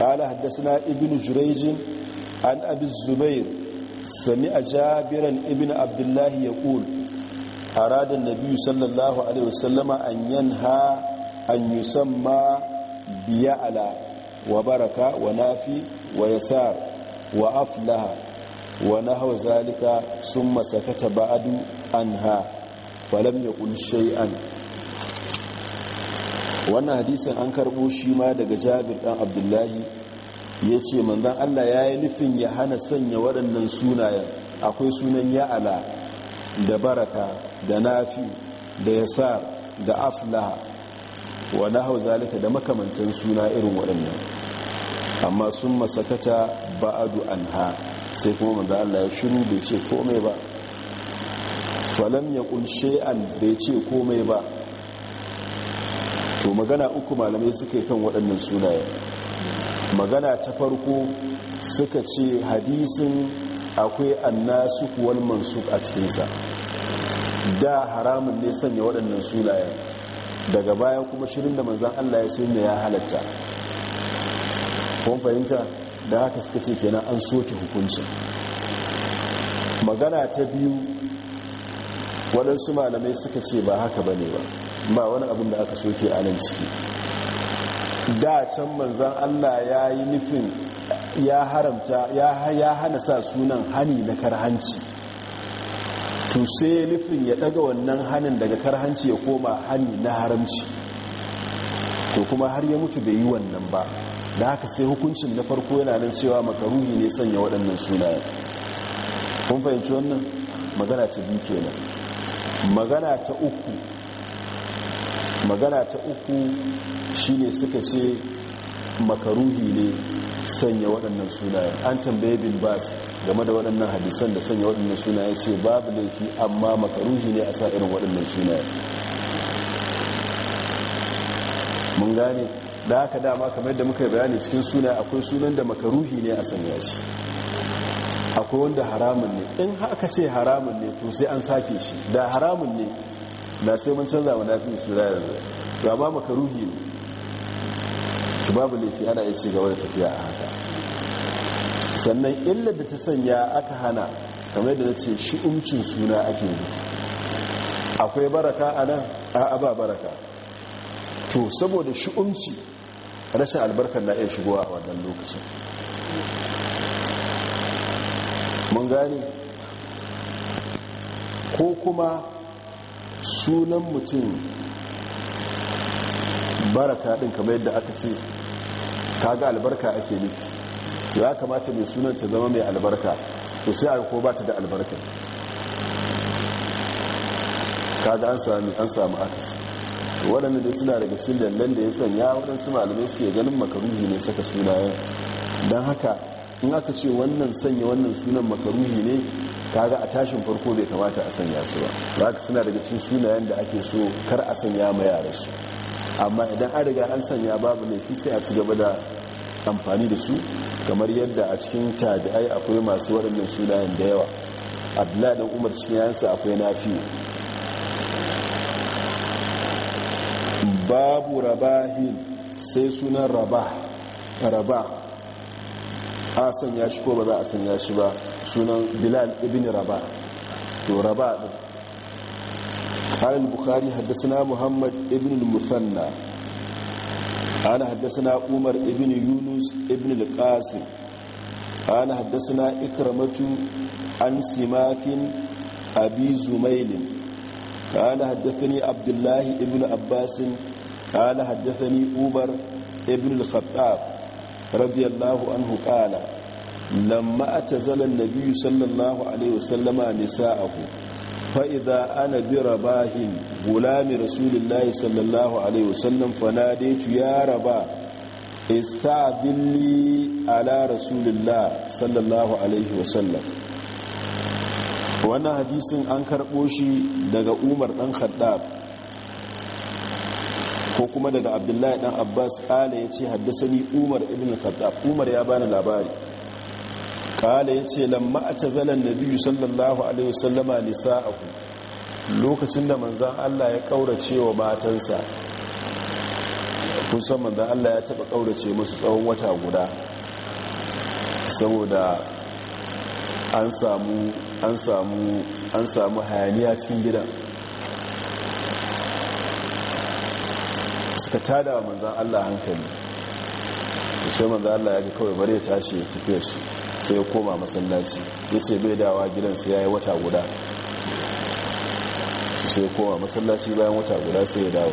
قال حدثنا ابن جريج عن أبي الزبير سمع جابرا ابن عبد الله يقول أراد النبي صلى الله عليه وسلم أن ينهى an yi ma biya ala wa baraka wa nafi wa yasar wa aflaha wa hau zalika sun masakata ba'adu an ha falam ya ƙulshai an wannan hadisin an karɓo shi ma daga jabir ɗan abdullahi ya ce manzan allah ya yi nufin ya hana sanya waɗannan sunayen akwai sunan ya'ala da baraka da nafi da yasar da aflaha wa hau zalika da makamantan suna irin waɗannan amma sun masakata ba'adu ha, sai kuma manzan Allah ya shiru bai ce komai ba falam kunshe an bai ce komai ba to magana uku malamai suka yi kan waɗannan sunayen, magana ta farko suka ce hadisin akwai annasu wal mansuk a cikinsa da haramun ne sanya waɗannan sunayen daga baya kuma shirin da manzan Allah ya sunna ya halatta kun fahimta da haka suka ce kenan an soke hukuncin magana ta biyu waɗansu malamai suka ce ba haka ba ne ba ba wani abin da aka soke a nan ciki da can manzan Allah ya yi nufin ya haramta ya hana sa sunan hani na karhanci to sai nufin ya daga wannan hannun daga karhanci ya koma hani na haramci to kuma har ya mutu bai yi wannan ba da haka sai hukuncin na farko yana nan cewa makaruhi ne sanya waɗannan sunayen kun fahimci wannan magana ta biyu kenan magana ta uku magana ta uku shine suka ce makaruhi ne sanya waɗannan sunayen an tambaye bin bas game da waɗannan hadisan da sanya waɗannan sunayen ce babu laifi amma makaruhi ne a sa irin waɗannan sunayen mun gane da haka dama kamar yadda muka yi bayani cikin sunayen akwai sunan da makaruhi ne a sanya shi akwai wanda haramun ne in haka ce haramun ne to sai an sake shi da haramun ne na sai mun canza wa nafi suna yanzu ba makaruhi ne to babu laifi ana yi cigaba da tafiya a haka sannan illar da ta sanya aka hana kamar da ce shi umcin suna ake yi akwai baraka a nan a ba baraka to saboda shi umci rashin albarkar na iya shigowa a wannan lokacin mun gane ko kuma sunan mutum baraka din kamar yadda aka ce kaga albarka ake nufi ya kamata mai sunan ta zama mai albarka to sai a ko ba ta da albarka kaga an sami an samu ce waɗanda da suna daga cikin dandan da ya sanya waɗansu malamai suke ganin makaruhi ne saka sunayen don haka in aka ce wannan sanya wannan sunan makaruhi ne kaga a tashin farko bai kamata a sanya su ba za ka suna daga cikin sunayen da ake so kar a sanya ma yaran su amma idan an riga an sanya babu laifi sai a ci gaba da amfani da su kamar yadda a cikin tabi'ai akwai masu waɗannan sunayen da yawa abdullahi dan umar cikin yansa akwai nafiyu babu rabahin sai sunan rabah a sanya shi ko ba za a sanya shi ba sunan bilal ibn raba to rabah قال البخاري حدثنا محمد ابن المثنى قال حدثنا عمر ابن يونس ابن القاسم قال حدثنا إكرمة عن سماك أبي زميل قال حدثني عبد الله ابن عباس قال حدثني أوبر ابن الخطاب رضي الله عنه قال لما أتزل النبي صلى الله عليه وسلم نساءه fa'iza ana bi rabahin gulami rasulullahi sallallahu alaihi wasallam ya raba istabili ala rasulullah sallallahu alaihi wasallam wannan hadisin an karɓo shi daga umar ɗan khaddab ko kuma daga abdullahi ɗan abbas ƙala ya ce haddasa ni umar ibn khaddab umar ya bani labari kala ya ce lamma a tazalan da biyu sallallahu alaihi wasallama nisa'ahu lokacin da manzan Allah ya kaurace wa matansa kusan manzan Allah ya taɓa kaurace musu tsawon wata guda saboda an samu an samu an samu hayaniya cikin gidan suka tada wa manzan Allah hankali sai manzan Allah ya ga kawai bare tashi ya tafiya shi. sai ya koma masallaci ya ce bai dawa gidansa ya yi wata guda su sai koma masallaci bayan wata guda sai ya dawa.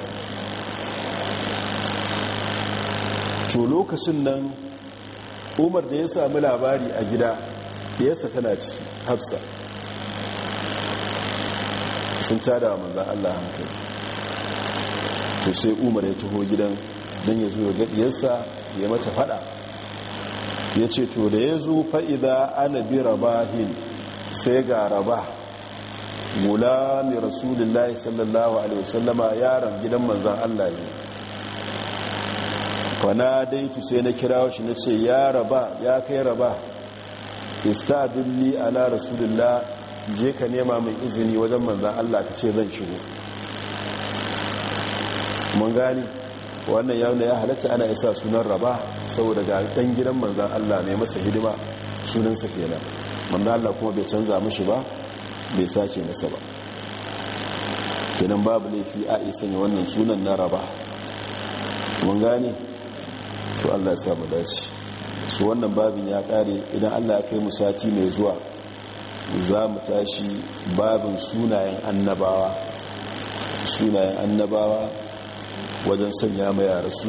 to lokacin nan umar da ya sami labari a gida ɗiyarsa tana ciki hafsa sun tada manzan allah hankali to sai umar ya taho gidan don ya zo ya gaɗiyarsa ya mata fada ya ce to da ya zo fa'ida ana bi rabahin sai ga raba gulami rasulullahi sallallahu alaihi wasallama yaron gidan manzan Allah ne fana daitu sai na kira shi na ce ya raba ya kai raba istadulli ala rasulullah je ka nema min izini wajen manzan Allah ka ce zan shigo mun gani wannan da ya halatta ana ya sa sunan raba saboda ga ɗan gidan manzan Allah ne masa hidima sunansa kenan manzan Allah kuma bai canza mashi ba bai sake masa ba kenan babu laifi a isa ne wannan sunan na raba mun gane to Allah ya samu dace su wannan babin ya kare idan Allah ya kai mu sati mai zuwa za mu tashi babin sunayen sunayen annabawa wajen sanya ma yara su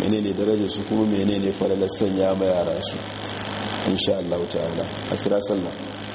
menene darajar su kuma menene falalar sanya ma yara su insha Allah ta'ala a kira sallah